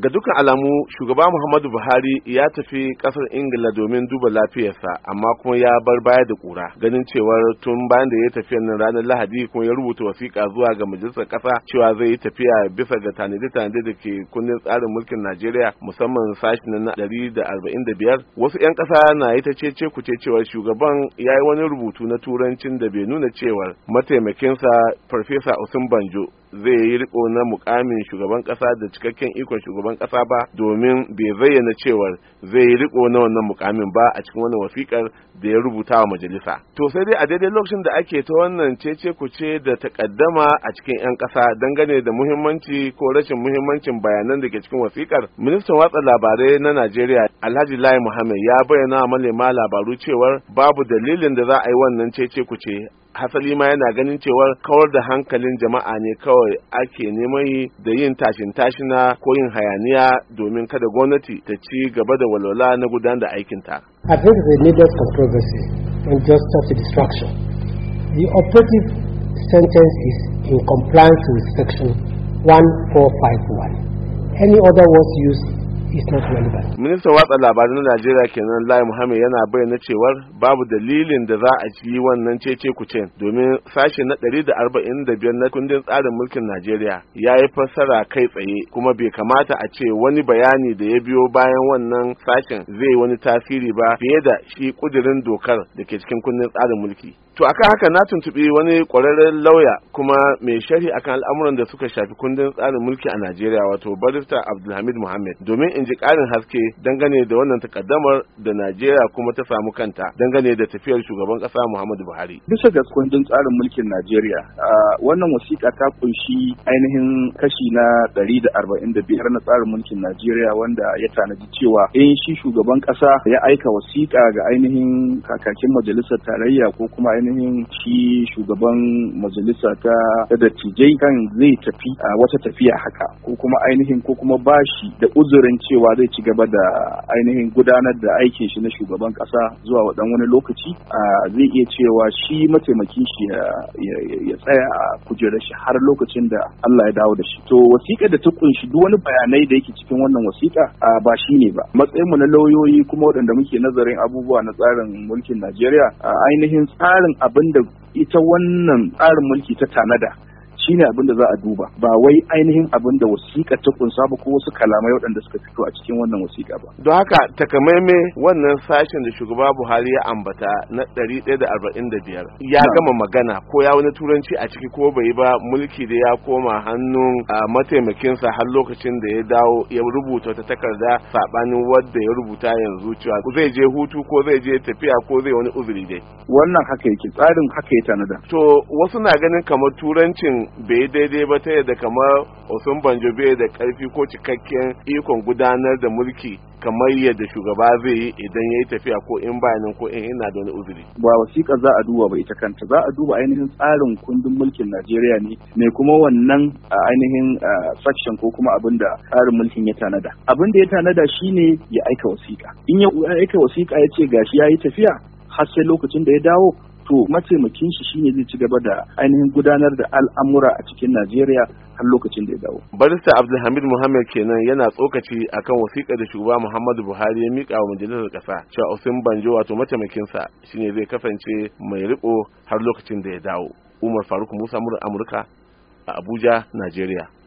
ga dukkan alamu shugaba muhammadu buhari ya tafi kasar ingila domin duba lafiyarsa amma kuma ya bar baya da kura ganin cewar tun bayan da ya tafiya nan ranar lahadi kuma ya rubuta wasiƙa zuwa ga majalisar ƙasa cewa zai yi tafiya bisa ga tanade-tanade da ke kundin tsarin mulkin najeriya musamman sashi na dari da arba'in da biyar wasu 'yan ƙasa na yi ta cece ce cewar shugaban ya yi wani rubutu na turancin da bai nuna cewar mataimakinsa farfesa usman banjo zai yi riko na mukamin shugaban kasa da cikakken ikon shugaban kasa ba domin bai zayyana cewar zai yi riko na wannan mukamin ba a cikin wani wasikar da ya rubuta wa majalisa to sai dai a daidai lokacin da ake ta wannan cece kuce da takaddama a cikin yan kasa dangane da muhimmanci ko rashin muhimmancin bayanan da ke cikin wasikar ministan watsa labarai na Najeriya Alhaji Lai Muhammad ya bayyana wa malema labaru cewar babu dalilin da za a yi wannan cece kuce hasali ma yana ganin cewar kawar da hankalin jama'a ne kawai ake neman yi da yin tashin tashina ko yin hayaniya domin kada gwamnati ta ci gaba da walwala na gudanar da aikinta. I think it's a needless controversy and just such a distraction. The operative sentence is in compliance with section 1451. Any other words used Ministan watsa labarai na Najeriya kenan Lai Muhammad yana bayyana cewar babu dalilin da za a ci wannan cece kucen domin sashe na 145 na kundin tsarin mulkin Najeriya ya yi fassara kai tsaye kuma bai kamata a ce wani bayani da ya biyo bayan wannan sashen zai wani tasiri ba fiye da shi kudirin dokar da ke cikin kundin tsarin mulki. To akan haka na tuntuɓi wani ƙwararren lauya kuma mai sharhi akan al'amuran da suka shafi kundin tsarin mulki a Najeriya wato barista Abdulhamid Muhammad domin in in ji ƙarin haske dangane da wannan takaddamar da Najeriya kuma ta samu kanta dangane da tafiyar shugaban ƙasa Muhammadu Buhari. Bisa ga kundin tsarin mulkin Najeriya, wannan wasiƙa ta kunshi ainihin kashi na ɗari da arba'in da biyar na tsarin mulkin Najeriya wanda ya tanaji cewa in eh, shi shugaban ƙasa ya aika wasiƙa ga ainihin kakakin majalisar tarayya ko kuma ainihin shi shugaban majalisa ta dattijai kan zai tafi a wata tafiya haka ko kuma ainihin ko kuma bashi da uzurin cewa zai ci gaba da ainihin gudanar da aikin shi na shugaban kasa zuwa wadan wani lokaci zai iya cewa shi mataimakin shi ya tsaya a kujerar shi har lokacin da Allah ya dawo da shi to wasiƙa da ta kunshi duk wani bayanai da yake cikin wannan wasiƙa ba shi ne ba matsayin mu na lauyoyi kuma waɗanda muke nazarin abubuwa na tsarin mulkin Najeriya a ainihin tsarin abin da ita wannan tsarin mulki ta tanada shine abin da za a duba ba wai ainihin abin da wasiƙa ta kunsa ba ko wasu kalamai waɗanda suka fito a cikin wannan wasiƙa ba don haka takamaime wannan sashen da shugaba Buhari ya ambata na 145 ya gama magana ko ya wani turanci a ciki ko bai ba mulki da ya koma hannun mataimakinsa har lokacin da ya dawo ya rubuta wata takarda sabanin wadda ya rubuta yanzu cewa zai je hutu ko zai je tafiya ko zai wani uzuri dai wannan haka yake tsarin haka ya tanada to wasu na ganin kamar turancin bai daidai ba ta yadda kamar osun banjo bai da karfi ko cikakken ikon gudanar da mulki kamar yadda shugaba zai yi idan ya yi tafiya ko in bayanin ko in yana da wani uzuri. Ba wasiƙa za a duba ba ita kanta za a duba ainihin tsarin kundin mulkin Najeriya ne Mai kuma wannan ainihin section ko kuma abin da tsarin mulkin ya tanada. Abin da ya tanada shine ya aika wasiƙa. In ya aika wasiƙa ya ce gashi ya yi tafiya har sai lokacin da ya dawo to mataimakin shi shine zai ci gaba da ainihin gudanar da al'amura a cikin Najeriya har lokacin da ya dawo. Barista Abdulhamid Muhammad kenan yana tsokaci akan wasiƙar da shugaba Muhammadu Buhari ya mika wa majalisar ƙasa cewa Usman Banjo wato mataimakinsa shine zai kasance mai riko har lokacin da ya dawo. Umar Faruk Musa Amurka a Abuja, Najeriya.